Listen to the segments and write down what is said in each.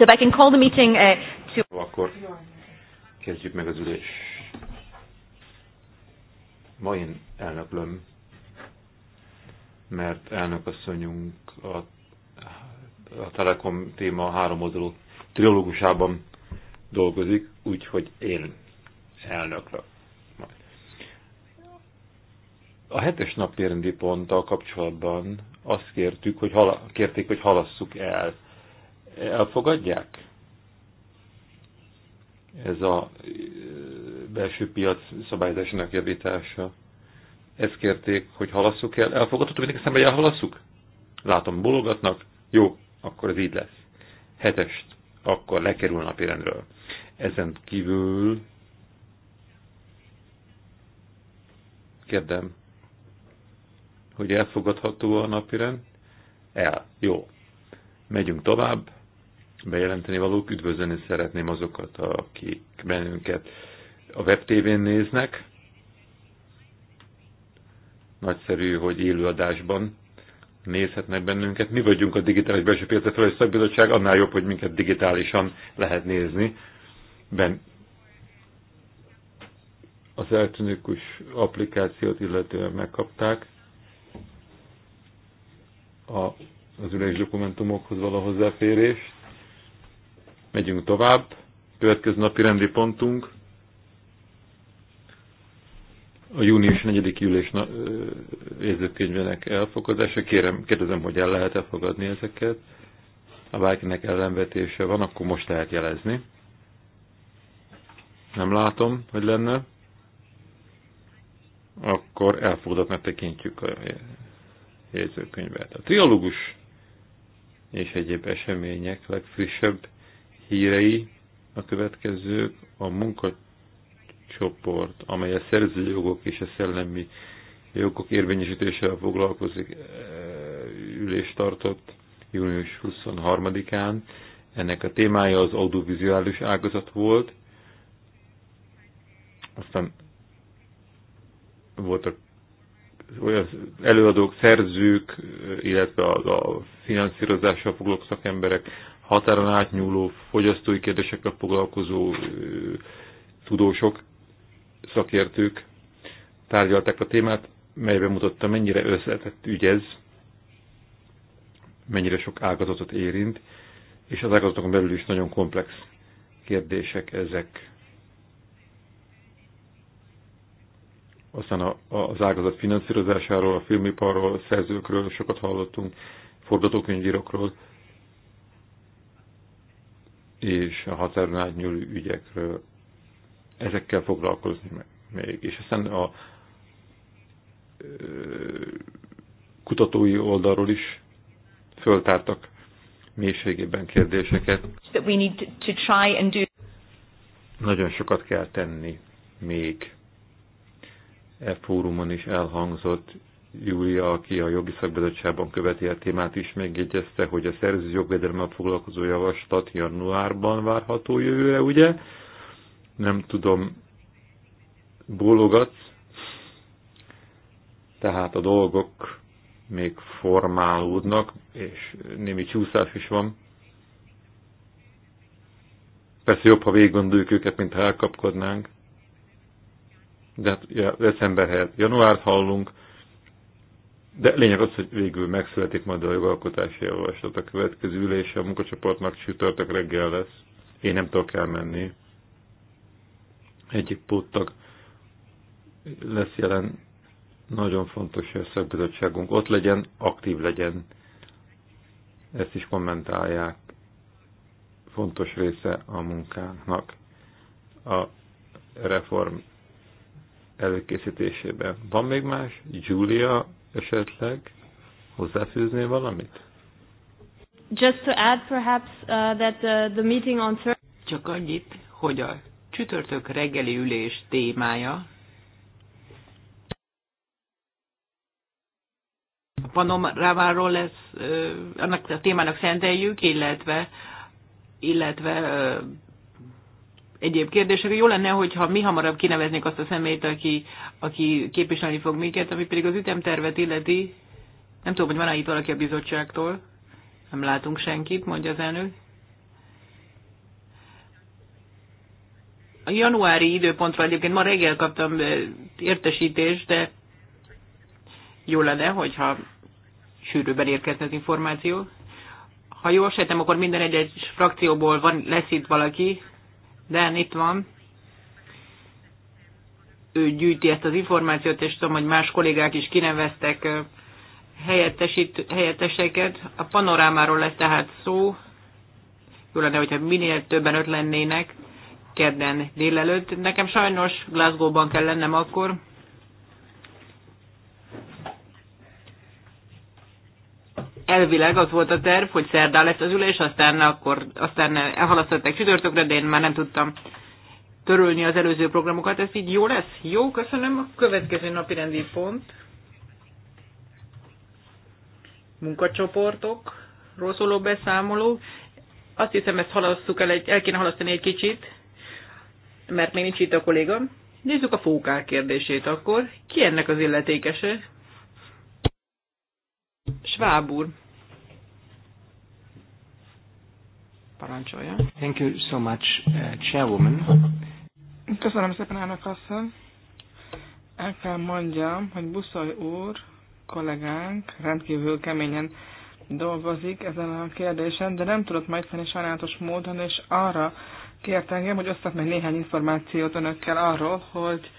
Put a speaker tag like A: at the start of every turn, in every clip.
A: So if I can call the meeting uh, to... Akkor
B: kezdjük meg az ülés. Ma én elnöklöm, mert elnök asszonyunk a, a Telekom téma három oldalú triológusában dolgozik, úgyhogy én elnöklök. A hetes napi ponttal kapcsolatban azt kértük, hogy hala, kérték, hogy halasszuk el elfogadják? Ez a belső piac szabályozásának javítása. Ezt kérték, hogy halasszuk el. Elfogadható mindenki szemben, elhalasszuk? Látom, bologatnak. Jó, akkor ez így lesz. Hetest, akkor lekerül napirendről. Ezen kívül kérdem, hogy elfogadható a napirend? El. Jó. Megyünk tovább bejelenteni valók, üdvözölni szeretném azokat, akik bennünket a webtévén néznek. Nagyszerű, hogy élőadásban nézhetnek bennünket. Mi vagyunk a Digitális Belső Piacra Felelős Szakbizottság, annál jobb, hogy minket digitálisan lehet nézni. Ben az elektronikus applikációt illetően megkapták a, az ülés dokumentumokhoz való hozzáférést. Megyünk tovább. Következő napi rendi pontunk a június 4. ülés érzőkönyvének elfogadása. Kérem, kérdezem, hogy el lehet elfogadni ezeket. Ha bárkinek ellenvetése van, akkor most lehet jelezni. Nem látom, hogy lenne. Akkor elfogadatnak tekintjük a érzőkönyvet. A triológus és egyéb események legfrissebb hírei a következők. A munkacsoport, amely a szerzőjogok és a szellemi jogok érvényesítésével foglalkozik, e, ülést tartott június 23-án. Ennek a témája az audiovizuális ágazat volt. Aztán voltak olyan előadók, szerzők, illetve a, finanszírozással foglalkozó emberek, határon átnyúló fogyasztói kérdésekkel foglalkozó tudósok, szakértők tárgyalták a témát, melyben mutatta, mennyire összetett ügy ez, mennyire sok ágazatot érint, és az ágazatokon belül is nagyon komplex kérdések ezek. Aztán a, a, az ágazat finanszírozásáról, a filmiparról, a szerzőkről sokat hallottunk, forgatókönyvírokról, és a határon átnyúló ügyekről. Ezekkel foglalkozni még. És aztán a kutatói oldalról is föltártak mélységében kérdéseket. Nagyon sokat kell tenni még. E fórumon is elhangzott, Júlia, aki a jogi szakbizottságban követi a témát is, megjegyezte, hogy a szerzői jogvédelemmel foglalkozó javaslat januárban várható jövőre, ugye? Nem tudom, bólogatsz, tehát a dolgok még formálódnak, és némi csúszás is van. Persze jobb, ha végig gondoljuk őket, mint ha elkapkodnánk. De hát ja, december helyett januárt hallunk, de lényeg az, hogy végül megszületik majd a jogalkotási javaslat. A következő ülése a munkacsoportnak csütörtök reggel lesz. Én nem tudok elmenni. Egyik póttag lesz jelen. Nagyon fontos, hogy a szakbizottságunk ott legyen, aktív legyen. Ezt is kommentálják. Fontos része a munkának A reform előkészítésében. Van még más? Julia esetleg hozzáfűzni valamit?
A: Just to add perhaps uh, that uh, the meeting on
C: Csak annyit, hogy a csütörtök reggeli ülés témája a panoráváról lesz, uh, annak a témának szenteljük, illetve illetve uh, egyéb kérdések. Jó lenne, hogyha mi hamarabb kineveznék azt a szemét, aki, aki képviselni fog minket, ami pedig az ütemtervet illeti. Nem tudom, hogy van-e itt valaki a bizottságtól. Nem látunk senkit, mondja az elnök. A januári időpontra egyébként ma reggel kaptam eh, értesítést, de jó lenne, hogyha sűrűben érkezne az információ. Ha jól sejtem, akkor minden egyes frakcióból van, lesz itt valaki, Dan itt van. Ő gyűjti ezt az információt, és tudom, hogy más kollégák is kineveztek helyettesít, helyetteseket. A panorámáról lesz tehát szó. Jó lenne, hogyha minél többen öt lennének kedden délelőtt. Nekem sajnos Glasgow-ban kell lennem akkor, elvileg az volt a terv, hogy szerdán lesz az ülés, aztán, akkor, aztán elhalasztották csütörtökre, de én már nem tudtam törölni az előző programokat. Ez így jó lesz? Jó, köszönöm. A következő napi rendi pont. Munkacsoportok, rosszoló beszámoló. Azt hiszem, ezt halasszuk el, egy, el kéne halasztani egy kicsit, mert még nincs itt a kolléga. Nézzük a fókák kérdését akkor. Ki ennek az illetékese? Schwab úr. Parancsolja.
A: Thank you so much, uh, Chairwoman.
D: Köszönöm szépen, elnök asszony. El kell mondjam, hogy Buszaj úr, kollégánk rendkívül keményen dolgozik ezen a kérdésen, de nem tudott majd tenni sajnálatos módon, és arra kért engem, hogy osztak meg néhány információt önökkel arról, hogy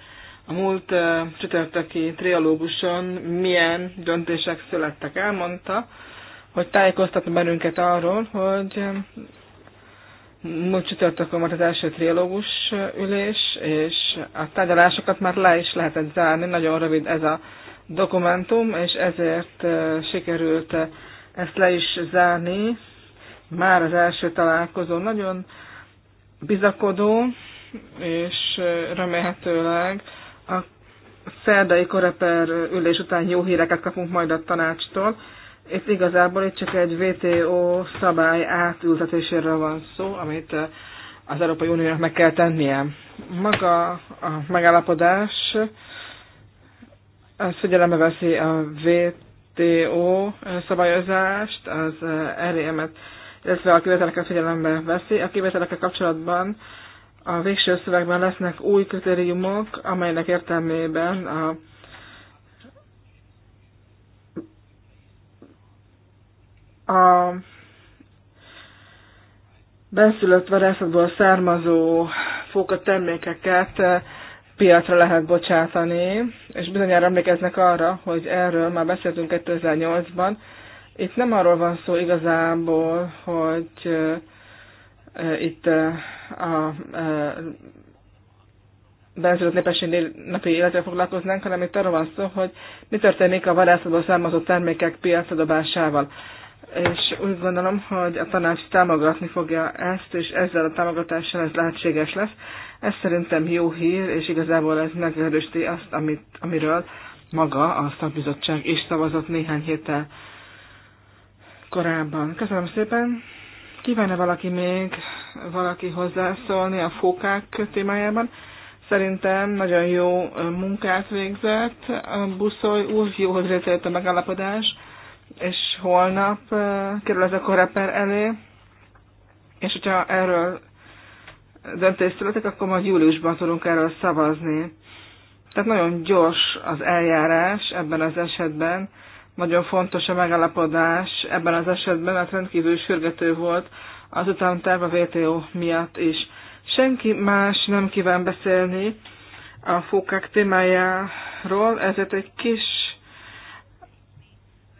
D: a múlt csütörtöki trialóguson milyen döntések születtek. Elmondta, hogy tájékoztatna bennünket arról, hogy múlt csütörtökön volt az első trialógus ülés, és a tárgyalásokat már le is lehetett zárni, nagyon rövid ez a dokumentum, és ezért sikerült ezt le is zárni. Már az első találkozó nagyon bizakodó, és remélhetőleg a szerdai koreper ülés után jó híreket kapunk majd a tanácstól. Itt igazából itt csak egy WTO szabály átültetéséről van szó, amit eh, az Európai Uniónak meg kell tennie. Maga a megállapodás az figyelembe veszi a WTO szabályozást, az eh, rm e et illetve a kivételeket figyelembe veszi. A kivételekkel kapcsolatban a végső szövegben lesznek új kritériumok, amelynek értelmében a a benszülött vadászatból származó fóka termékeket piacra lehet bocsátani, és bizonyára emlékeznek arra, hogy erről már beszéltünk 2008-ban. Itt nem arról van szó igazából, hogy Eh, itt eh, a eh, bennszülött népesség napi életre foglalkoznánk, hanem itt arról van szó, hogy mi történik a vadászatból származó termékek piacadobásával, És úgy gondolom, hogy a tanács támogatni fogja ezt, és ezzel a támogatással ez lehetséges lesz. Ez szerintem jó hír, és igazából ez megerősíti azt, amit, amiről maga a szakbizottság is szavazott néhány héttel korábban. Köszönöm szépen! Kívánna valaki még valaki hozzászólni a fókák témájában? Szerintem nagyon jó munkát végzett a buszoly úr, jó, hogy a megállapodás, és holnap eh, kerül ez a koreper elé, és hogyha erről döntés születik, akkor majd júliusban tudunk erről szavazni. Tehát nagyon gyors az eljárás ebben az esetben, nagyon fontos a megállapodás ebben az esetben, mert rendkívül sürgető volt az utánterv a VTO miatt is. Senki más nem kíván beszélni a fókák témájáról, ezért egy kis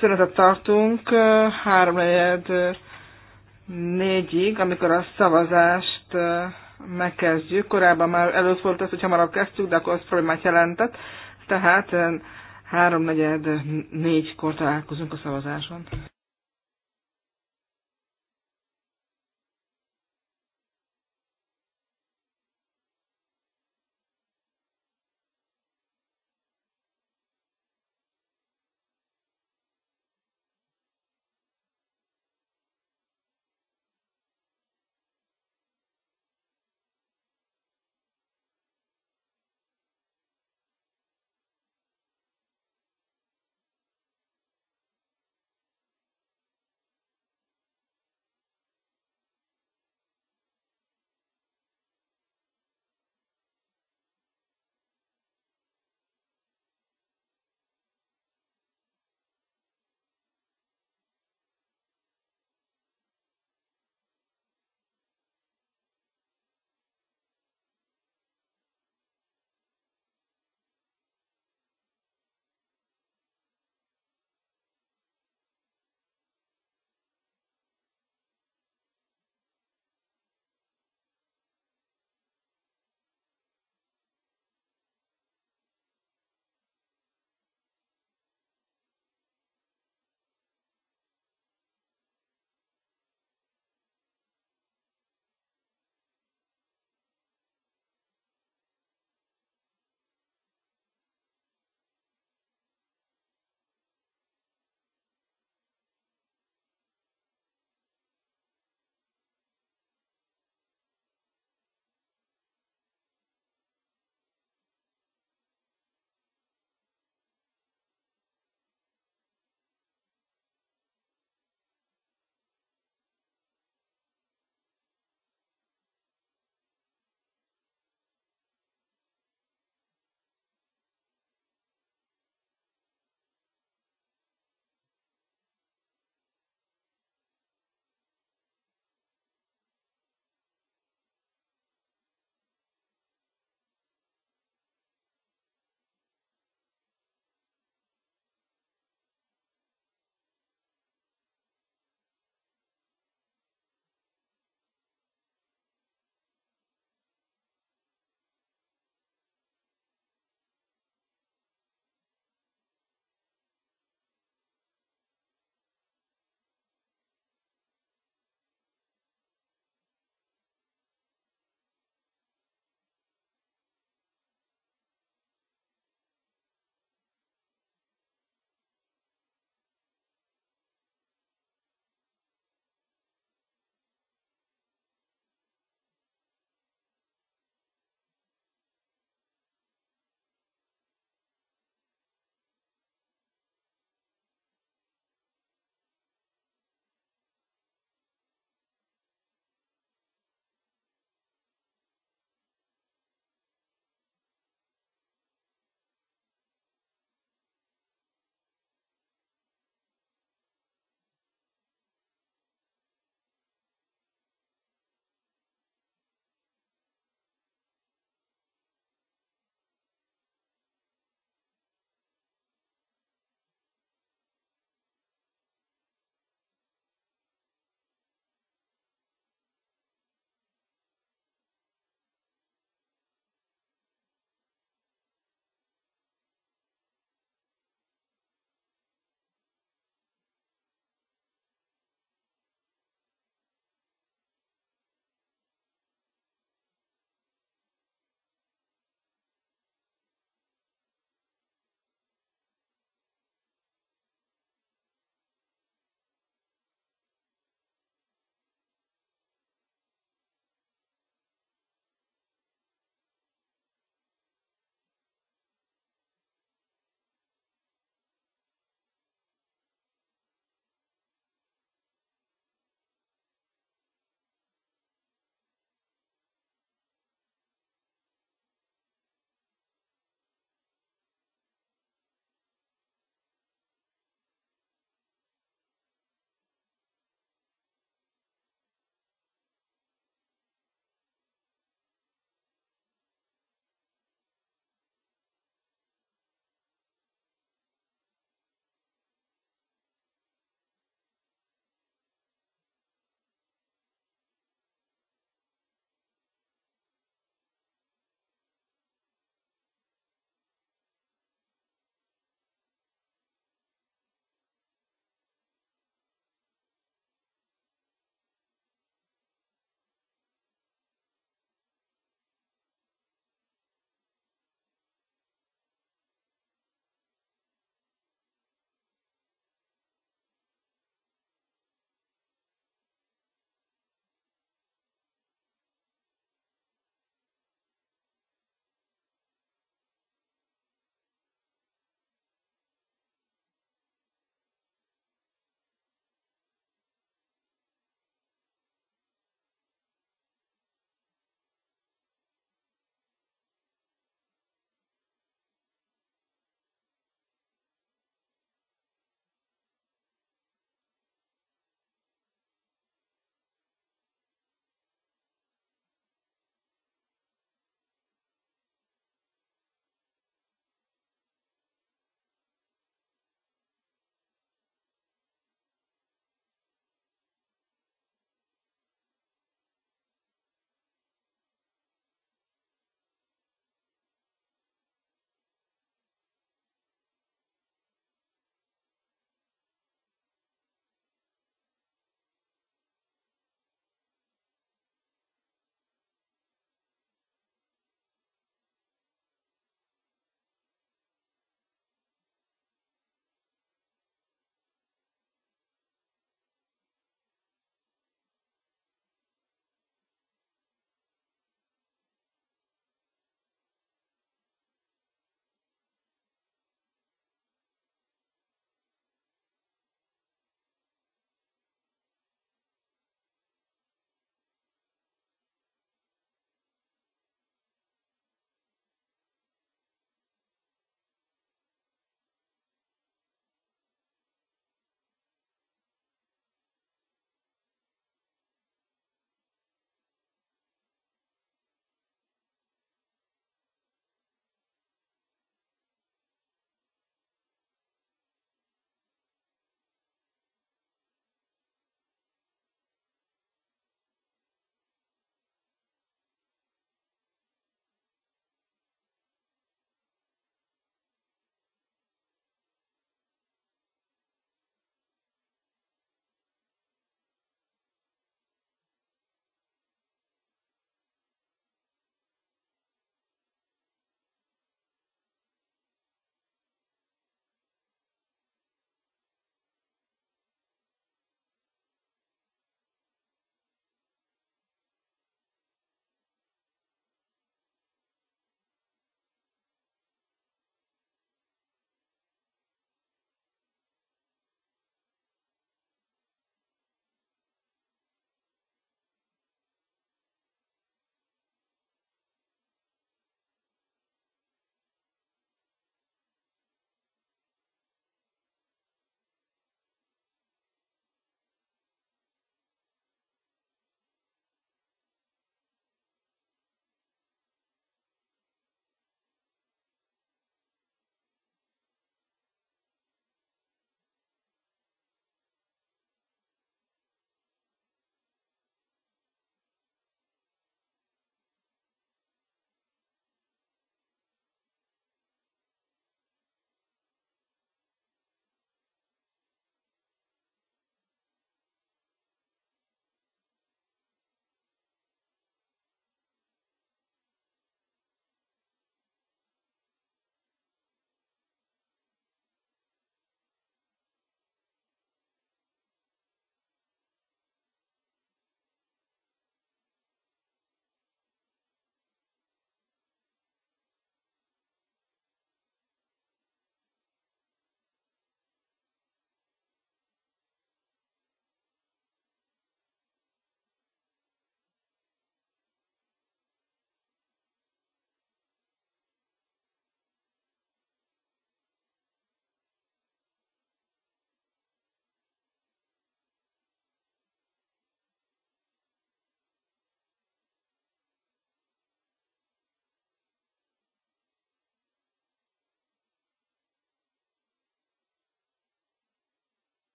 D: szünetet tartunk, háromnegyed négyig, amikor a szavazást megkezdjük. Korábban már előtt volt az, hogy hamarabb kezdtük, de akkor az problémát jelentett. Tehát háromnegyed négykor találkozunk a szavazáson.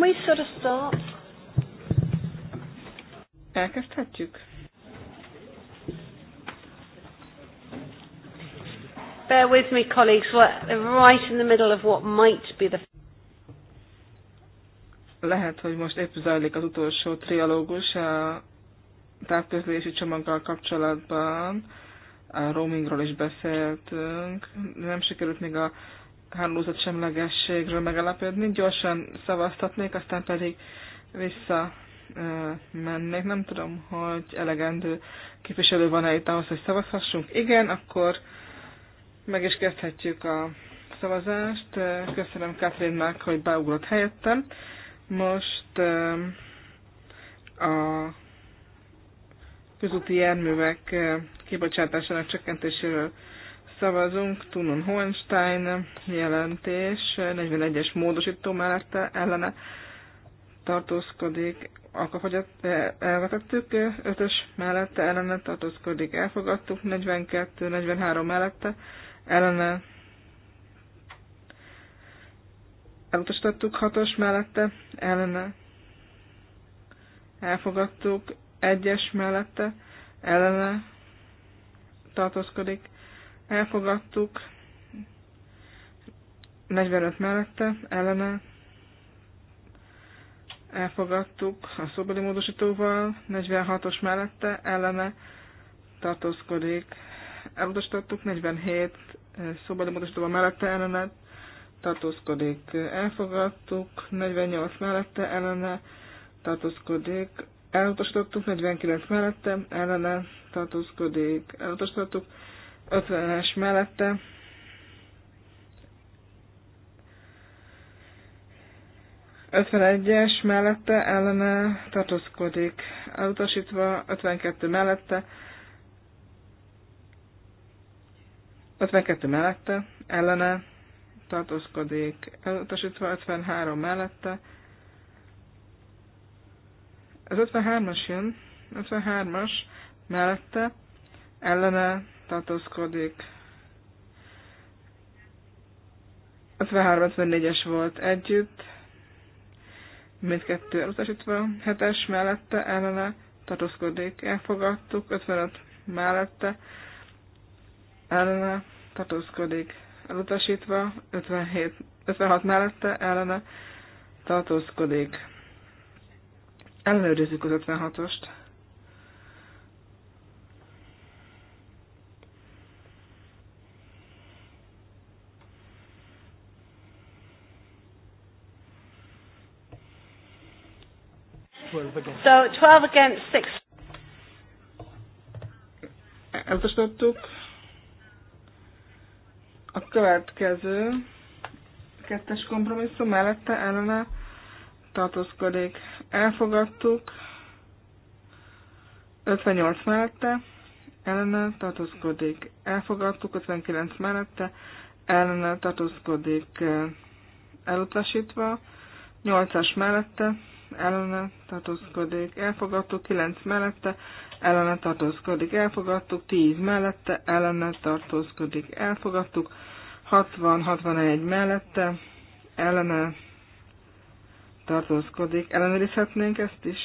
A: Can we sort of start? Elkezdhetjük. Bear with me, colleagues. We're right in the middle of what might be the.
D: Lehet, hogy most épp zajlik az utolsó trialógus a távközlési csomaggal kapcsolatban. A roamingról is beszéltünk. Nem sikerült még a semlegességről megalapodni. Gyorsan szavaztatnék, aztán pedig vissza mennék. Nem tudom, hogy elegendő képviselő van-e itt ahhoz, hogy szavazhassunk. Igen, akkor meg is kezdhetjük a szavazást. Köszönöm Katrinnak, hogy beugrott helyettem. Most a közúti járművek kibocsátásának csökkentéséről szavazunk, Tunon Hohenstein jelentés, 41-es módosító mellett ellene tartózkodik, akkor e, elvetettük, 5-ös mellette ellene tartózkodik, elfogadtuk, 42-43 mellette ellene elutasítottuk, 6-os mellette ellene elfogadtuk, 1-es mellette ellene tartózkodik, elfogadtuk, 45 mellette, ellene, elfogadtuk a szóbeli módosítóval, 46-os mellette, ellene, tartózkodik, elutasítottuk, 47 eh, szóbeli módosítóval mellette, ellene, tartózkodik, elfogadtuk, 48 mellette, ellene, tartózkodik, elutasítottuk, 49 mellette, ellene, tartózkodik, elutasítottuk, 50-es mellette. Ötven es mellette ellene tartózkodik, elutasítva 52 mellette, 52 mellette ellene tartózkodik, elutasítva 53 mellette. Ez 53-as jön, 53-as mellette ellene tartózkodik. 53-54-es volt együtt, mindkettő elutasítva, 7-es mellette ellene tartózkodik, elfogadtuk, 55 mellette ellene tartózkodik, elutasítva, 57, 56 mellette ellene tartózkodik. Ellenőrizzük az 56-ost.
A: So 12 against 6.
D: Elutasítottuk. A következő kettes kompromisszum mellette ellene tartózkodik. Elfogadtuk. 58 mellette ellene tartózkodik. Elfogadtuk. 59 mellette ellene tartózkodik. Elutasítva. 8-as mellette ellene tartózkodik, elfogadtuk, 9 mellette, ellene tartózkodik, elfogadtuk, 10 mellette, ellene tartózkodik, elfogadtuk, 60-61 mellette, ellene tartózkodik, ellenőrizhetnénk ezt is.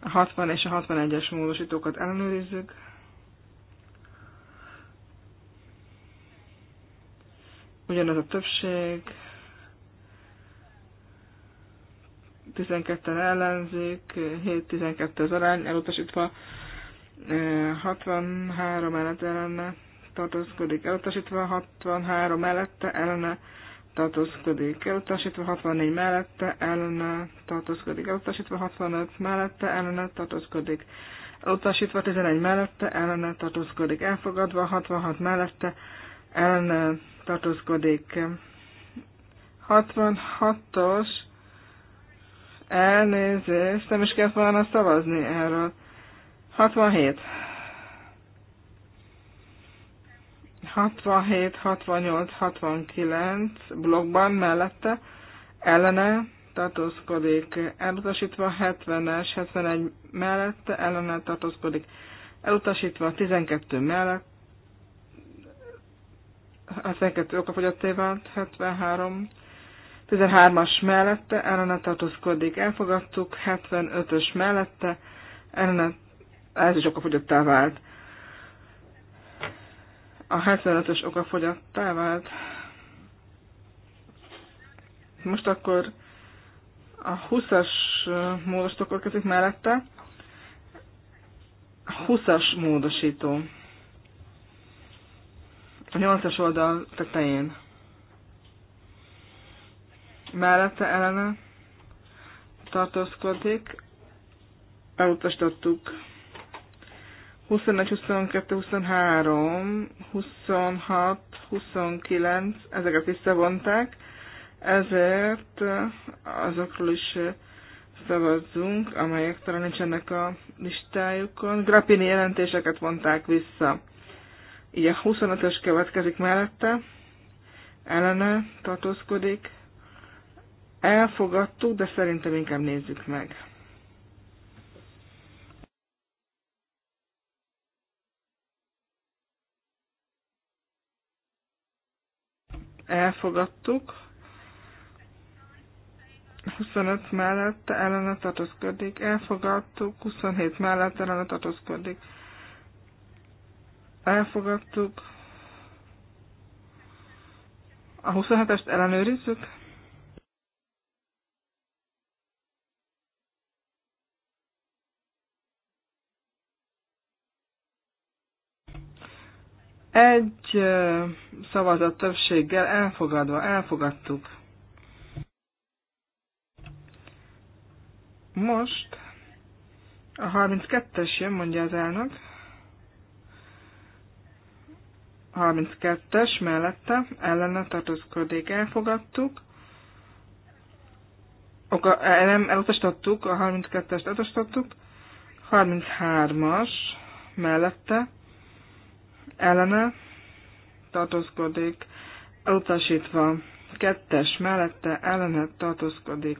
D: A 60 és a 61-es módosítókat ellenőrizzük. Ugyanaz a többség, 12-en ellenzék, 7-12 az arány, elutasítva 63 mellett ellene tartózkodik, elutasítva 63 mellette ellene tartózkodik, elutasítva 64 mellette ellene tartózkodik, elutasítva 65 mellette ellene tartózkodik, elutasítva 11 mellette ellene tartózkodik, elfogadva 66 mellette ellene tartózkodik. 66-os Elnézést, nem is kellett volna szavazni erről. 67. 67, 68, 69 blogban mellette ellene tartózkodik, elutasítva 70-es, 71 mellette ellene tartózkodik, elutasítva 12 mellett, 72 okafogyatté vált, 73 13-as mellette ellene tartózkodik, elfogadtuk, 75-ös mellette ellene, ez is okafogyottá vált. A 75-ös okafogyottá vált. Most akkor a 20-as módosító következik mellette. 20-as módosító. A 8-as oldal tetején mellette ellene tartózkodik, elutasítottuk. 21, 22, 23, 26, 29, ezeket visszavonták, ezért azokról is szavazzunk, amelyek talán nincsenek a listájukon. Grappini jelentéseket vonták vissza. Így a 25-ös következik mellette, ellene tartózkodik, elfogadtuk, de szerintem inkább nézzük meg. Elfogadtuk. 25 mellette ellene tartózkodik. Elfogadtuk. 27 mellette ellene tartózkodik. Elfogadtuk.
A: A 27-est ellenőrizzük.
D: Egy szavazat többséggel elfogadva, elfogadtuk. Most a 32-es jön, mondja az elnök. 32-es mellette ellene tartózkodik, elfogadtuk. Oka, e, nem elutasítottuk, a 32-est elutasítottuk. 33-as mellette ellene tartózkodik, elutasítva. Kettes mellette ellene tartózkodik.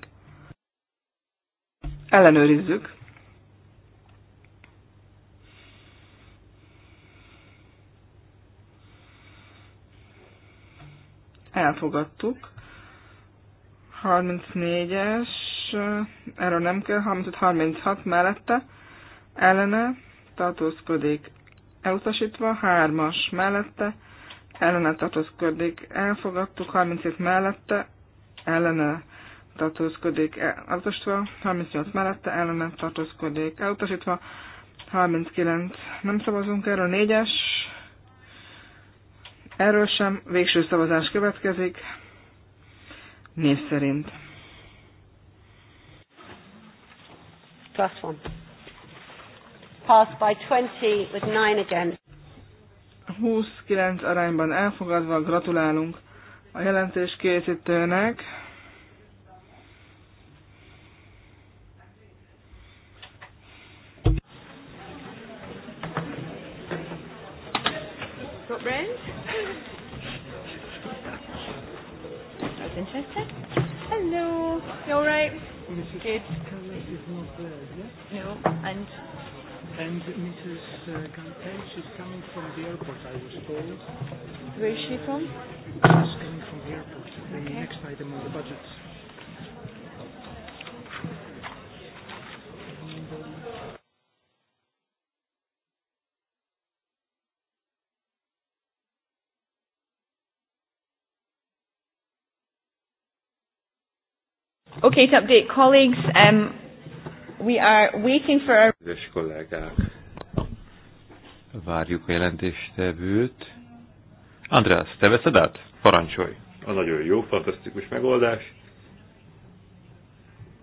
D: Ellenőrizzük. Elfogadtuk. 34-es, erről nem kell, 35-36 mellette ellene tartózkodik, elutasítva, hármas mellette, ellene tartózkodik, elfogadtuk, 37 mellette, ellene tartózkodik, elutasítva, 38 mellette, ellene tartózkodik, elutasítva, 39 nem szavazunk erről, 4-es, erről sem, végső szavazás következik, név szerint. Plusz
A: passed by 20 with 9 against.
D: 29 arányban elfogadva gratulálunk a jelentés készítőnek.
A: the airport, I was told. Where is she from? She's coming from the airport. The okay. next item on the budget. Okay, to update colleagues, um, we are waiting for our...
B: Várjuk a jelentéstevőt. András, te veszed át? Parancsolj! A nagyon jó, fantasztikus megoldás.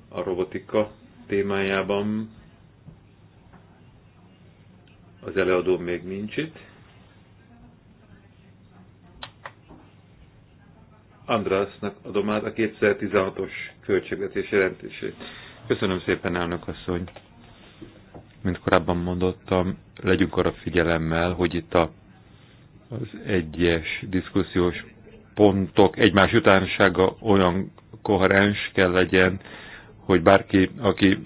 B: A robotika témájában az előadó még nincs itt. Andrásnak adom át a 2016-os költségvetés jelentését. Köszönöm szépen, elnök asszony! mint korábban mondottam, legyünk arra figyelemmel, hogy itt a, az egyes diszkusziós pontok egymás utánsága olyan koherens kell legyen, hogy bárki, aki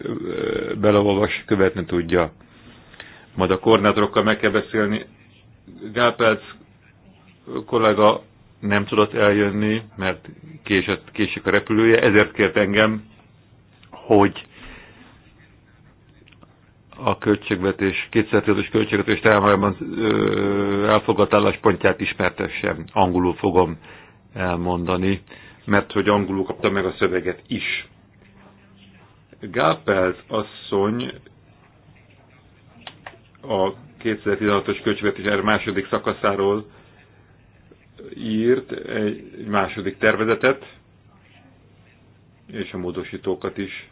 B: beleolvas, követni tudja. Majd a koordinátorokkal meg kell beszélni. Gálpelc kollega nem tudott eljönni, mert késett, késik a repülője, ezért kért engem, hogy a költségvetés, 2015-ös költségvetés tájában elfogadt álláspontját ismertessem. Angolul fogom elmondani, mert hogy angolul kapta meg a szöveget is. Gápelt asszony a 2016-os költségvetés második szakaszáról írt egy második tervezetet, és a módosítókat is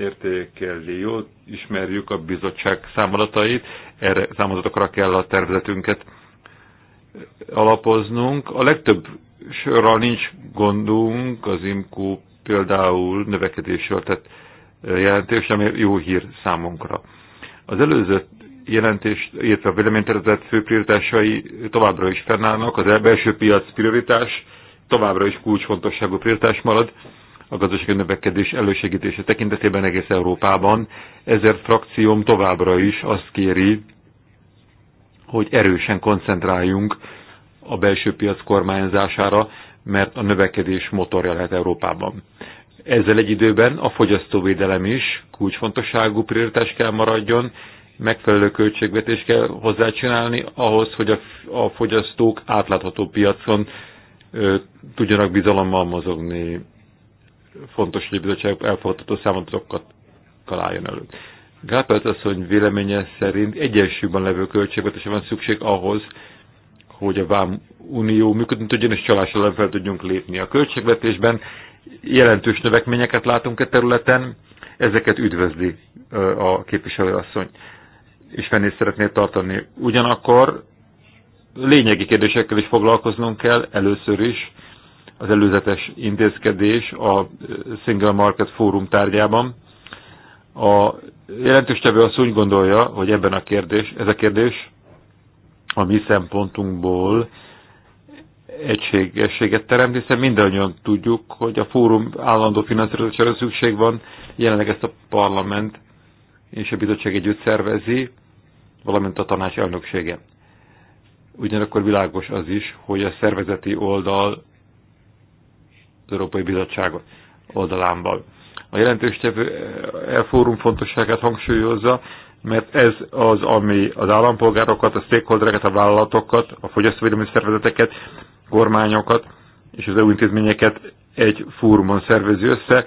B: értékeli. jó, ismerjük a bizottság számadatait, erre számadatokra kell a tervezetünket alapoznunk. A legtöbb sorral nincs gondunk, az IMKU például növekedésről tett jelentés, ami jó hír számunkra. Az előző jelentés, illetve a véleménytervezet fő prioritásai továbbra is fennállnak, az belső piac prioritás továbbra is kulcsfontosságú prioritás marad, a gazdasági növekedés elősegítése tekintetében egész Európában, ezért frakcióm továbbra is azt kéri, hogy erősen koncentráljunk a belső piac kormányzására, mert a növekedés motorja lehet Európában. Ezzel egy időben a fogyasztóvédelem is kulcsfontosságú prioritás kell maradjon, megfelelő költségvetés kell hozzácsinálni ahhoz, hogy a, a fogyasztók átlátható piacon ö, tudjanak bizalommal mozogni fontos, hogy a bizottság elfogadható számotokat álljon elő. Gápelt asszony véleménye szerint egyensúlyban levő költségvetésre van szükség ahhoz, hogy a Vám Unió működni tudjon és csalás ellen fel tudjunk lépni. A költségvetésben jelentős növekményeket látunk e területen, ezeket üdvözli a képviselőasszony, és fenné szeretné tartani. Ugyanakkor lényegi kérdésekkel is foglalkoznunk kell, először is az előzetes intézkedés a eh, Single Market Fórum tárgyában. A jelentős tevő azt úgy gondolja, hogy ebben a kérdés, ez a kérdés a mi szempontunkból egységességet teremt, hiszen mindannyian tudjuk, hogy a fórum állandó finanszírozására szükség van, jelenleg ezt a parlament és a bizottság együtt szervezi, valamint a tanács elnöksége. Ugyanakkor világos az is, hogy a szervezeti oldal Európai Bizottság oldalánban. A jelentős eh, e fórum fontosságát hangsúlyozza, mert ez az, ami az állampolgárokat, a stakeholdereket, a vállalatokat, a fogyasztóvédelmi szervezeteket, kormányokat és az EU intézményeket egy fórumon szervezi össze,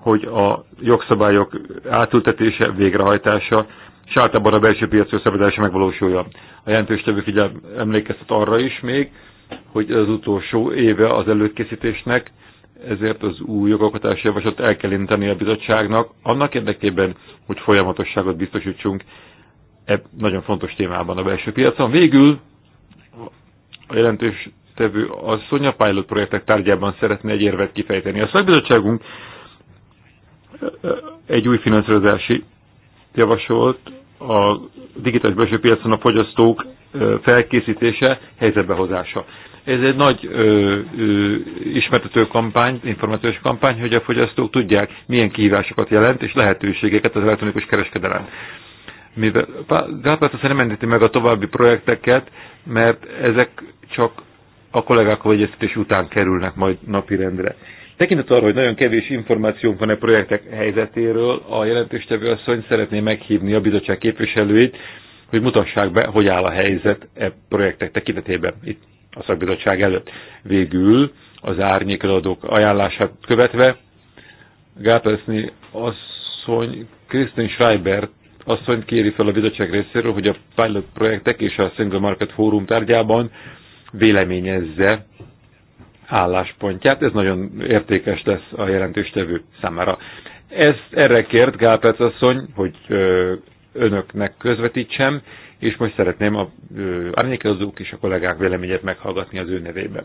B: hogy a jogszabályok átültetése, végrehajtása, és általában a belső piac összevedelése megvalósuljon. A jelentőstevő figyel emlékeztet arra is még, hogy az utolsó éve az előkészítésnek ezért az új jogalkotási javaslat el kell inteni a bizottságnak, annak érdekében, hogy folyamatosságot biztosítsunk e nagyon fontos témában a belső piacon. Végül a jelentős tevő a Szonya pilot projektek tárgyában szeretne egy érvet kifejteni. A szakbizottságunk egy új finanszírozási javasolt a digitális belső piacon a fogyasztók felkészítése, helyzetbehozása ez egy nagy ö, ö, ismertető kampány, információs kampány, hogy a fogyasztók tudják, milyen kihívásokat jelent és lehetőségeket az elektronikus kereskedelem. Mivel hát aztán nem említi meg a további projekteket, mert ezek csak a kollégák egyeztetés után kerülnek majd napirendre. Tekintet arra, hogy nagyon kevés információnk van a e projektek helyzetéről, a jelentéstevő asszony szeretné meghívni a bizottság képviselőit, hogy mutassák be, hogy áll a helyzet e projektek tekintetében itt a szakbizottság előtt. Végül az árnyékeladók ajánlását követve Gápeszni asszony Krisztin Schreiber asszony kéri fel a bizottság részéről, hogy a pilot projektek és a Single Market Fórum tárgyában véleményezze álláspontját. Ez nagyon értékes lesz a jelentéstevő számára. Ezt erre kért Gálpec asszony, hogy önöknek közvetítsem, és most szeretném a árnyékozók és a kollégák véleményét meghallgatni az ő nevében.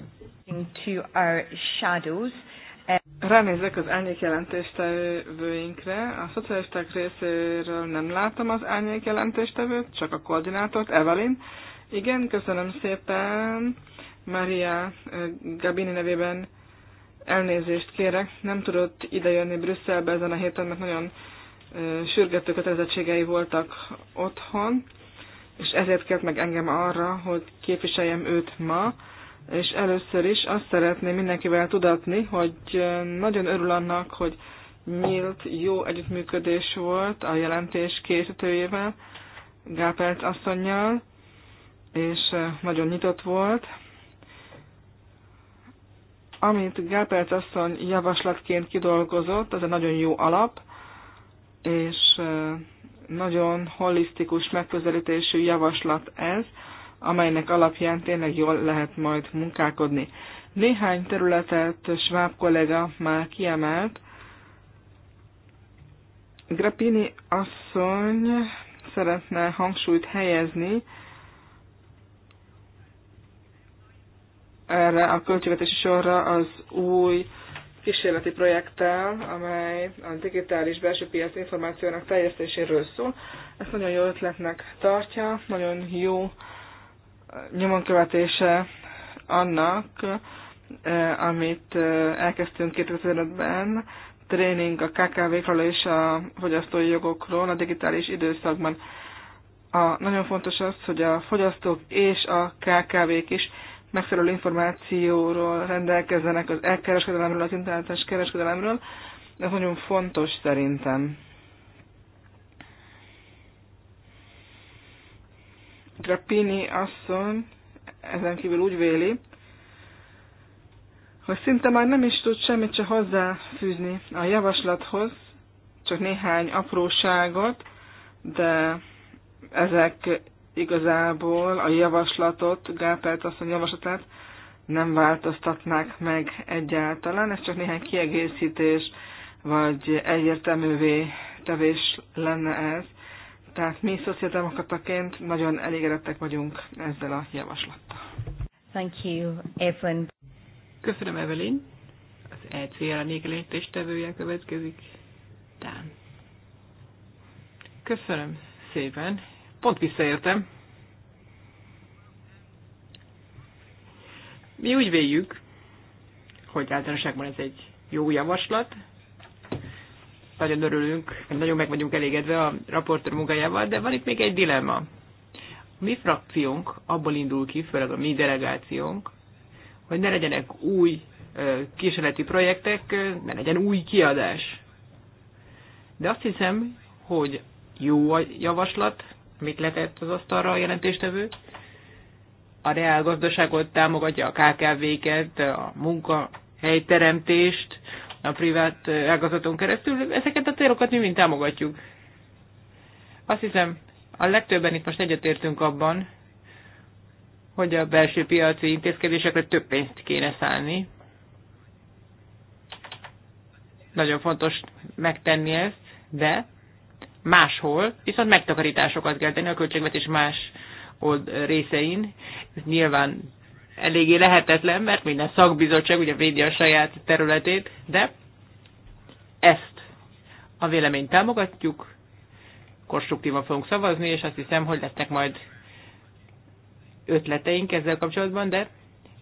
D: Ránézek az árnyék jelentéstevőinkre. A szocialisták részéről nem látom az árnyék jelentéstevőt, csak a koordinátort, Evelyn. Igen, köszönöm szépen. Maria Gabini nevében elnézést kérek. Nem tudott idejönni Brüsszelbe ezen a héten, mert nagyon sürgető kötelezettségei voltak otthon és ezért kért meg engem arra, hogy képviseljem őt ma, és először is azt szeretném mindenkivel tudatni, hogy nagyon örül annak, hogy nyílt, jó együttműködés volt a jelentés készítőjével, Gápelt asszonynal, és nagyon nyitott volt. Amit Gápelt asszony javaslatként kidolgozott, az egy nagyon jó alap, és nagyon holisztikus megközelítésű javaslat ez, amelynek alapján tényleg jól lehet majd munkálkodni. Néhány területet Schwab kollega már kiemelt. Grappini asszony szeretne hangsúlyt helyezni erre a költségvetési sorra az új kísérleti projekttel, amely a digitális belső piac információnak fejlesztéséről szól. Ezt nagyon jó ötletnek tartja, nagyon jó nyomonkövetése annak, amit elkezdtünk 2005-ben, tréning a KKV-król és a fogyasztói jogokról a digitális időszakban. A, nagyon fontos az, hogy a fogyasztók és a KKV-k is megfelelő információról rendelkezzenek az elkereskedelemről, az internetes kereskedelemről. Ez nagyon fontos szerintem. Grappini asszony ezen kívül úgy véli, hogy szinte már nem is tud semmit se hozzáfűzni a javaslathoz, csak néhány apróságot, de ezek igazából a javaslatot, Gápelt asszony javaslatát nem változtatnák meg egyáltalán, ez csak néhány kiegészítés, vagy egyértelművé tevés lenne ez. Tehát mi szociáldemokrataként nagyon elégedettek vagyunk ezzel a javaslattal.
A: Thank you, Evelyn.
C: Köszönöm, Evelyn. Az ECR a tevője következik. Dan. Köszönöm szépen pont visszaértem. Mi úgy véljük, hogy általánoságban ez egy jó javaslat. Nagyon örülünk, nagyon meg vagyunk elégedve a raportőr munkájával, de van itt még egy dilemma. A mi frakciónk abból indul ki, főleg a mi delegációnk, hogy ne legyenek új kísérleti projektek, ne legyen új kiadás. De azt hiszem, hogy jó a javaslat, mit letett az asztalra a jelentéstevő. A reálgazdaságot támogatja a KKV-ket, a munkahelyteremtést a privát ágazaton keresztül. Ezeket a célokat mi mind támogatjuk. Azt hiszem, a legtöbben itt most egyetértünk abban, hogy a belső piaci intézkedésekre több pénzt kéne szállni. Nagyon fontos megtenni ezt, de máshol, viszont megtakarításokat kell tenni a költségvetés más old részein. Ez nyilván eléggé lehetetlen, mert minden szakbizottság ugye védi a saját területét, de ezt a véleményt támogatjuk, konstruktívan fogunk szavazni, és azt hiszem, hogy lesznek majd ötleteink ezzel kapcsolatban, de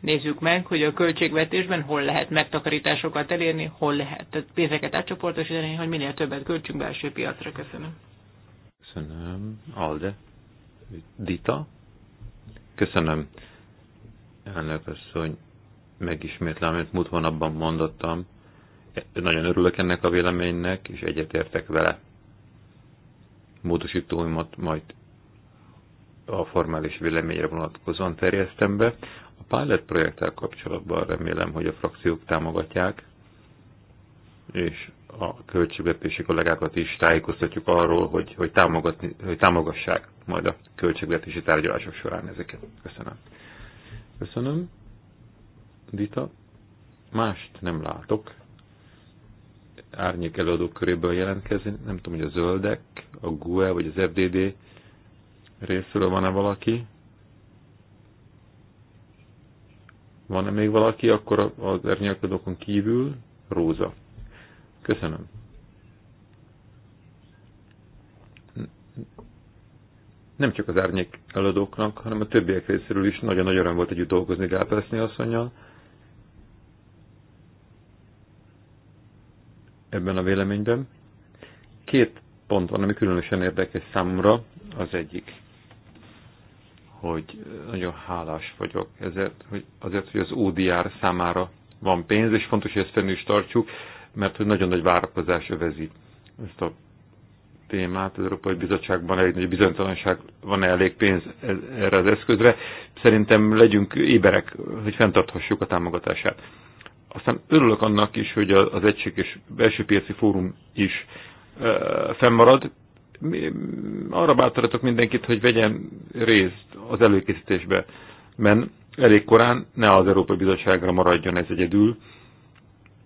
C: nézzük meg, hogy a költségvetésben hol lehet megtakarításokat elérni, hol lehet tehát pénzeket átcsoportosítani, hogy minél többet költsünk belső piacra. Köszönöm.
B: Köszönöm. Alde. Dita. Köszönöm. Elnök asszony, megismétlem, amit múlt hónapban mondottam. Nagyon örülök ennek a véleménynek, és egyetértek vele. Módosítóimat majd a formális véleményre vonatkozóan terjesztem be pilot projekttel kapcsolatban remélem, hogy a frakciók támogatják, és a költségvetési kollégákat is tájékoztatjuk arról, hogy, hogy, támogatni, hogy támogassák majd a költségvetési tárgyalások során ezeket. Köszönöm. Köszönöm. Dita, mást nem látok. Árnyék előadók köréből jelentkezni. Nem tudom, hogy a zöldek, a GUE vagy az FDD részről van-e valaki. Van-e még valaki, akkor az ernyelködókon kívül Róza. Köszönöm. Nem csak az árnyék eladóknak, hanem a többiek részéről is nagyon nagy öröm volt együtt dolgozni Gápászni asszonyjal. Ebben a véleményben. Két pont van, ami különösen érdekes számomra, az egyik hogy nagyon hálás vagyok ezért, hogy azért, hogy az ODR számára van pénz, és fontos, hogy ezt fenn is tartsuk, mert hogy nagyon nagy várakozás övezi ezt a témát. Az Európai Bizottságban elég nagy bizonytalanság, van -e elég pénz e- erre az eszközre. Szerintem legyünk éberek, hogy fenntarthassuk a támogatását. Aztán örülök annak is, hogy az Egység és Belső Piaci Fórum is e- fennmarad, arra bátorítok mindenkit, hogy vegyen részt az előkészítésbe, mert elég korán ne az Európai Bizottságra maradjon ez egyedül,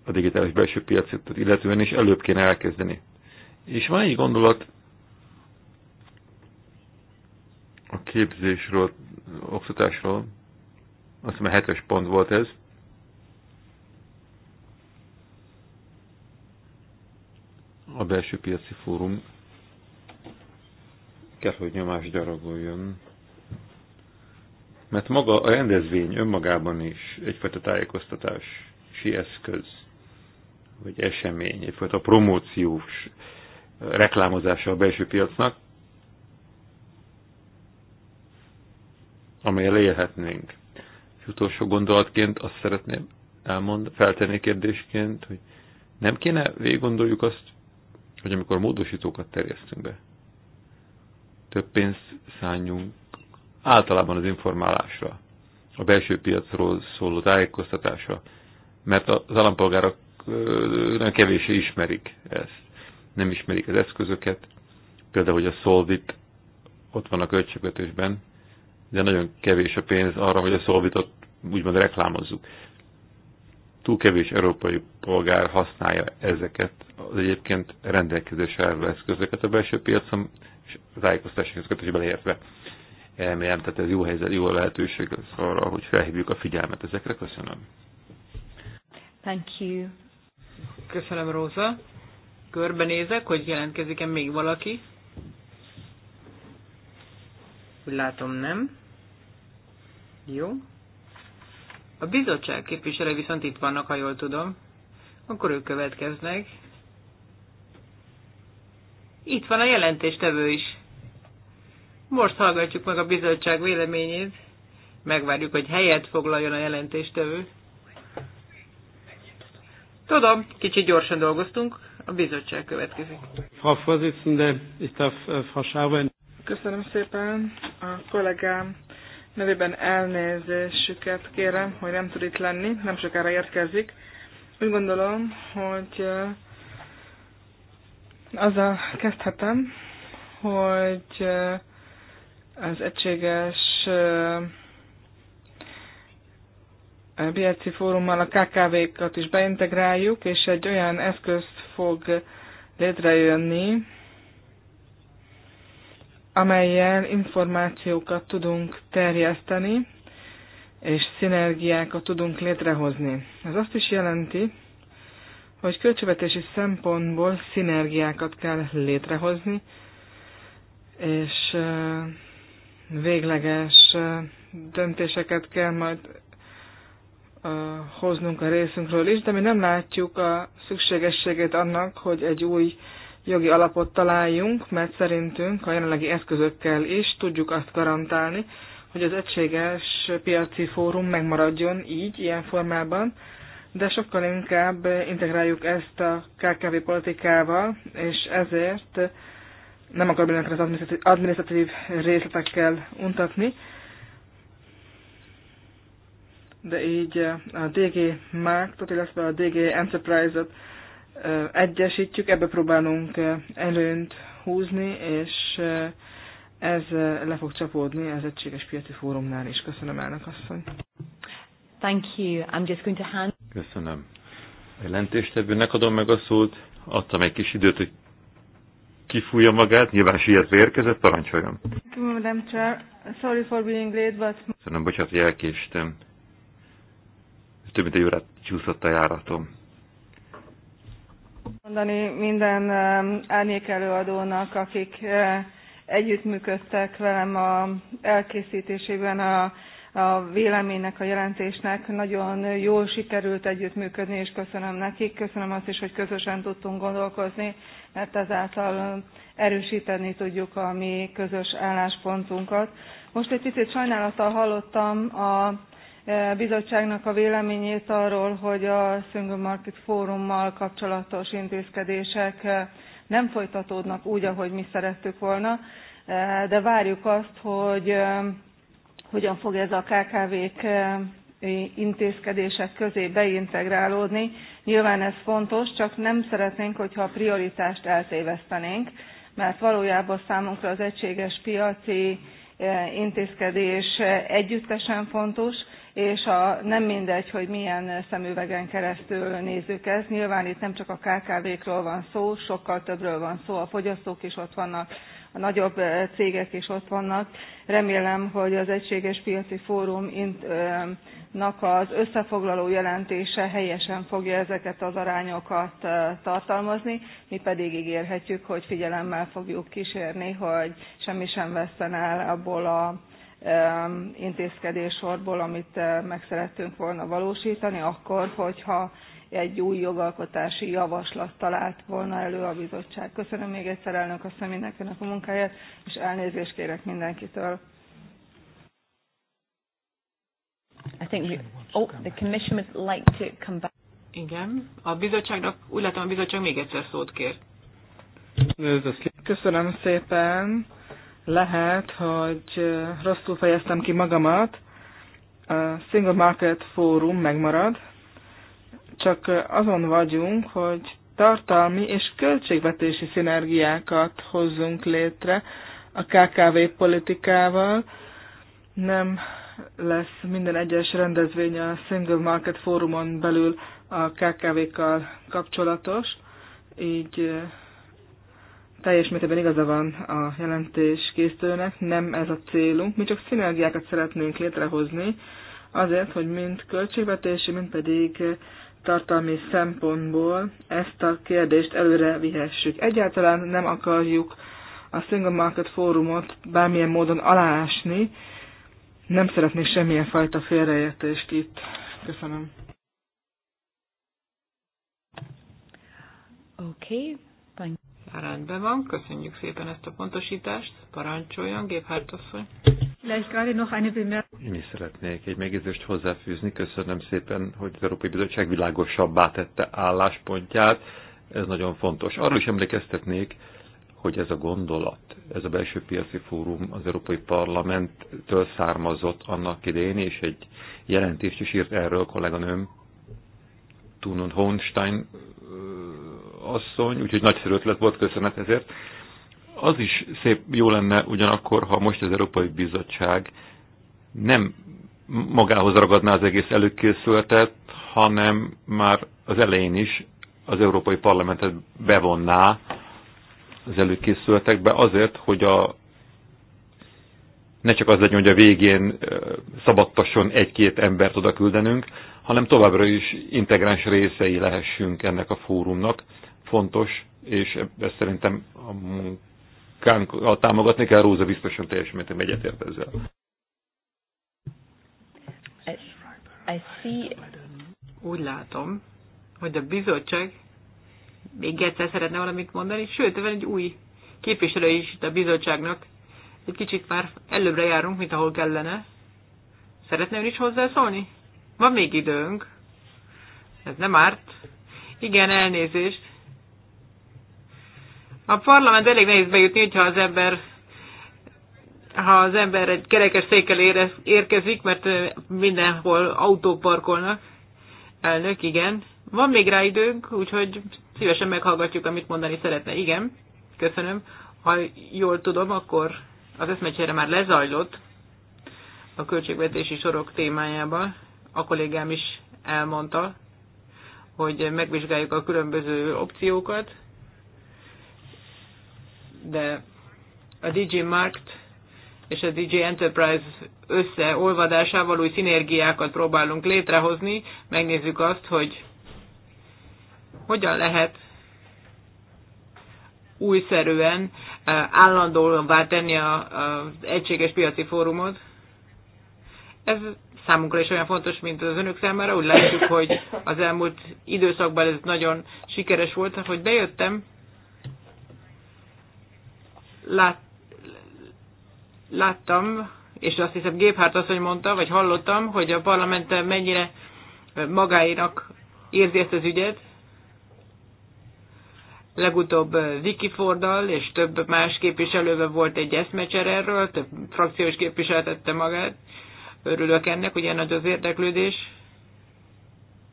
B: a digitális belső piacot illetően is előbb kéne elkezdeni. És van egy gondolat a képzésről, oktatásról, azt hiszem a hetes pont volt ez, a belső piaci fórum kell, hogy nyomás gyarogoljon. Mert maga a rendezvény önmagában is egyfajta tájékoztatási eszköz, vagy esemény, egyfajta promóciós reklámozása a belső piacnak, amelyel élhetnénk. És utolsó gondolatként azt szeretném elmond, feltenni kérdésként, hogy nem kéne végig gondoljuk azt, hogy amikor módosítókat terjesztünk be, több pénzt szálljunk általában az informálásra, a belső piacról szóló tájékoztatásra, mert az állampolgárok nagyon kevés ismerik ezt. Nem ismerik az eszközöket, például, hogy a szolvit ott van a költségvetésben, de nagyon kevés a pénz arra, hogy a szolvitot úgymond reklámozzuk. Túl kevés európai polgár használja ezeket az egyébként rendelkezésre álló eszközöket a belső piacon, tájékoztatáshoz kötésben értve. Elmélem, tehát ez jó helyzet, jó lehetőség az arra, hogy felhívjuk a figyelmet ezekre. Köszönöm.
A: Thank you.
C: Köszönöm, Róza. Körbenézek, hogy jelentkezik-e még valaki. Úgy látom, nem. Jó. A bizottság képviselői viszont itt vannak, ha jól tudom. Akkor ők következnek. Itt van a jelentéstevő is. Most hallgatjuk meg a bizottság véleményét. Megvárjuk, hogy helyet foglaljon a jelentéstevő. Tudom, kicsit gyorsan dolgoztunk. A bizottság következik.
B: Frau Vorsitzende, äh, Frau
D: Köszönöm szépen. A kollégám nevében elnézésüket kérem, hogy nem tud itt lenni, nem sokára érkezik. Úgy gondolom, hogy azzal kezdhetem, hogy eh, az egységes piaci eh, eh, fórummal a KKV-kat is beintegráljuk, és egy olyan eszközt fog létrejönni, amelyel információkat tudunk terjeszteni, és szinergiákat tudunk létrehozni. Ez azt is jelenti, hogy költségvetési szempontból szinergiákat kell létrehozni, és végleges döntéseket kell majd hoznunk a részünkről is, de mi nem látjuk a szükségességét annak, hogy egy új jogi alapot találjunk, mert szerintünk a jelenlegi eszközökkel is tudjuk azt garantálni, hogy az egységes piaci fórum megmaradjon így, ilyen formában, de sokkal inkább integráljuk ezt a KKV politikával, és ezért nem akar mindenkit az adminisztratív, részletekkel untatni, de így a DG Marktot, illetve a DG Enterprise-ot egyesítjük, ebbe próbálunk előnt húzni, és ez le fog csapódni az Egységes Piaci Fórumnál is. Köszönöm, elnök asszony.
A: Thank you.
D: I'm just going to hand...
B: Köszönöm. A jelentéstevőnek adom meg a szót. Adtam egy kis időt, hogy kifújja magát. Nyilván sietve érkezett, parancsoljon. Köszönöm, bocsánat, hogy elkéstem. Több mint egy órát csúszott a járatom.
E: Mondani minden um, árnyék előadónak, akik uh, együttműködtek velem a elkészítésében a a véleménynek, a jelentésnek. Nagyon jól sikerült együttműködni, és köszönöm nekik. Köszönöm azt is, hogy közösen tudtunk gondolkozni, mert ezáltal erősíteni tudjuk a mi közös álláspontunkat. Most egy picit sajnálattal hallottam a e, bizottságnak a véleményét arról, hogy a Single Market Fórummal kapcsolatos intézkedések e, nem folytatódnak úgy, ahogy mi szerettük volna, e, de várjuk azt, hogy hogyan fog ez a KKV-k intézkedések közé beintegrálódni. Nyilván ez fontos, csak nem szeretnénk, hogyha a prioritást eltévesztenénk, mert valójában számunkra az egységes piaci intézkedés együttesen fontos, és a, nem mindegy, hogy milyen szemüvegen keresztül nézzük ezt. Nyilván itt nem csak a KKV-król van szó, sokkal többről van szó, a fogyasztók is ott vannak, a nagyobb cégek is ott vannak. remélem hogy az egységes piaci fórumnak az összefoglaló jelentése helyesen fogja ezeket az arányokat tartalmazni mi pedig gérhetjük hogy figyelemmel fogjuk ksérni hogy semmi sem vesszen el abból a intézkedéssorból amit meg szerettünk volna valóstani akkor hogyha egy új jogalkotási javaslat talált volna elő a bizottság. Köszönöm még egyszer elnök asszony mindenkinek a munkáját, és elnézést kérek mindenkitől.
A: I think oh, the commission would like to come back. Igen,
C: a bizottságnak, úgy látom a bizottság még egyszer szót kér.
D: Köszönöm szépen. Lehet, hogy rosszul fejeztem ki magamat. A Single Market Forum megmarad, csak azon vagyunk, hogy tartalmi és költségvetési szinergiákat hozzunk létre a KKV politikával. Nem lesz minden egyes rendezvény a Single Market Fórumon belül a KKV-kkal kapcsolatos, így teljes mértékben igaza van a jelentés készítőnek, nem ez a célunk, mi csak szinergiákat szeretnénk létrehozni, azért, hogy mind költségvetési, mind pedig tartalmi szempontból ezt a kérdést előre vihessük. Egyáltalán nem akarjuk a Single Market Fórumot bármilyen módon aláásni, nem szeretnék semmilyen fajta félreértést itt. Köszönöm. Oké, okay.
C: Már van, köszönjük szépen ezt a pontosítást. Parancsoljon, Géphárt asszony.
B: Én is szeretnék egy megjegyzést hozzáfűzni. Köszönöm szépen, hogy az Európai Bizottság világosabbá tette álláspontját. Ez nagyon fontos. Arról is emlékeztetnék, hogy ez a gondolat, ez a belső piaci fórum az Európai Parlamenttől származott annak idején, és egy jelentést is írt erről a kolléganőm, Tunon Hohenstein asszony, úgyhogy nagyszerű ötlet volt, köszönet ezért. Az is szép jó lenne ugyanakkor, ha most az Európai Bizottság nem magához ragadná az egész előkészületet, hanem már az elején is az Európai Parlamentet bevonná az előkészületekbe azért, hogy a ne csak az legyen, hogy a végén szabadtasson egy-két embert oda küldenünk, hanem továbbra is integráns részei lehessünk ennek a fórumnak. Fontos, és ez szerintem a Kán támogatni kell, Róza biztosan teljes mértékben egyetért ezzel.
A: I see. Úgy
C: látom, hogy a bizottság még egyszer szeretne valamit mondani, sőt, van egy új képviselő is itt a bizottságnak. Egy kicsit már előbbre járunk, mint ahol kellene. Szeretne ön is hozzászólni? Van még időnk. Ez nem árt. Igen, elnézést. A parlament elég nehéz bejutni, hogyha az ember ha az ember egy kerekes székkel érkezik, mert mindenhol autók parkolnak. Elnök, igen. Van még rá időnk, úgyhogy szívesen meghallgatjuk, amit mondani szeretne. Igen, köszönöm. Ha jól tudom, akkor az eszmecsére már lezajlott a költségvetési sorok témájában. A kollégám is elmondta, hogy megvizsgáljuk a különböző opciókat, de a DJ Markt és a DJ Enterprise összeolvadásával új szinergiákat próbálunk létrehozni. Megnézzük azt, hogy hogyan lehet újszerűen eh, állandóvá tenni az egységes piaci fórumot. Ez számunkra is olyan fontos, mint az önök számára. Úgy látjuk, hogy az elmúlt időszakban ez nagyon sikeres volt. Hogy bejöttem, lát, láttam, és azt hiszem Géphárt azt, hogy mondta, vagy hallottam, hogy a parlament mennyire magáinak érzi ezt az ügyet. Legutóbb Vicky Fordal és több más képviselővel volt egy eszmecser erről, több frakció is képviseltette magát. Örülök ennek, ugye nagy az érdeklődés,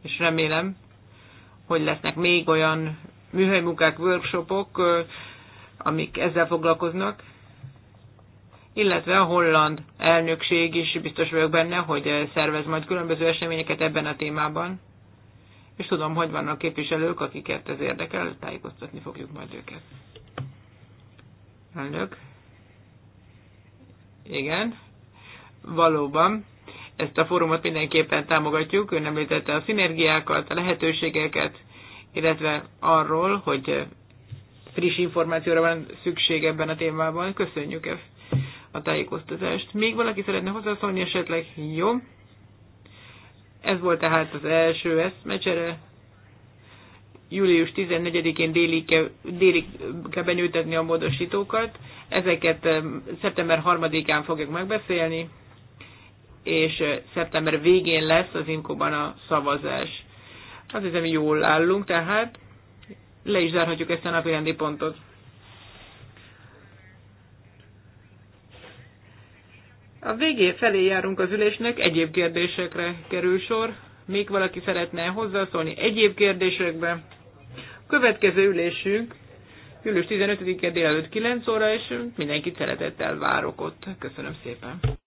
C: és remélem, hogy lesznek még olyan műhelymunkák, workshopok, amik ezzel foglalkoznak, illetve a holland elnökség is biztos vagyok benne, hogy szervez majd különböző eseményeket ebben a témában, és tudom, hogy vannak képviselők, akiket ez érdekel, tájékoztatni fogjuk majd őket. Elnök. Igen. Valóban. Ezt a fórumot mindenképpen támogatjuk. Ön említette a szinergiákat, a lehetőségeket, illetve arról, hogy friss információra van szükség ebben a témában. Köszönjük ezt a tájékoztatást. Még valaki szeretne hozzászólni esetleg? Jó. Ez volt tehát az első eszmecsere. Július 14-én délig kell, déli kell benyújtatni a módosítókat. Ezeket szeptember 3-án fogjuk megbeszélni, és eh, szeptember végén lesz az Inkóban a szavazás. Azt hiszem, jól állunk tehát le is zárhatjuk ezt a napi rendi pontot. A végé felé járunk az ülésnek, egyéb kérdésekre kerül sor. Még valaki szeretne hozzászólni egyéb kérdésekbe? A következő ülésünk július 15-e délelőtt 9 óra, és mindenkit szeretettel várok ott. Köszönöm szépen!